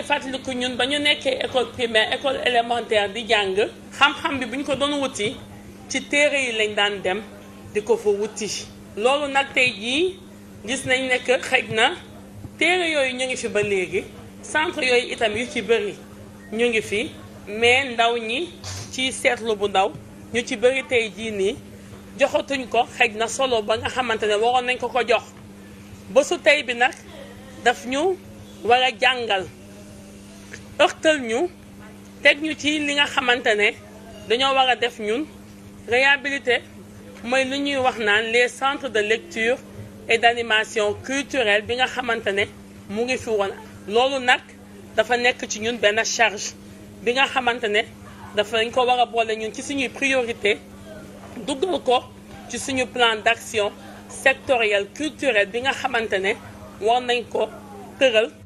ci fàttaliku ñun ba ñu nekkee école primaire école élémentaire di jàng xam-xam bi buñ ko doon wuti ci téere yi lañ daan dem di ko fa wuti loolu nag tey jii gis nañ nekk xëj na téere yooyu ñu ngi fi ba léegi centre yooyu itam yu ci bëri ñu ngi fi mais ndaw ñi ci seetlu bu ndaw ñu ci bëri tey jii nii joxatuñ ko xëj na solo ba nga xamante ne waroon nañ ko ko jox bésu tey bi nag daf ñu war jàngal ëxtal ñu teg ñu ci li nga xamante ne dañoo war a def ñun réhabilité mooy lu ñuy wax naan les centre de lecture et d'animation culturelle bi nga xamante ne mu ngi fi woon loolu nag dafa nekk ci ñun benn charge bi nga xamante ne dafa dañ ko war a boole ñun ci suñuy priorité duggal ko ci suñu plan d'action sectoriel culturel bi nga xamante ne war nañ ko tëral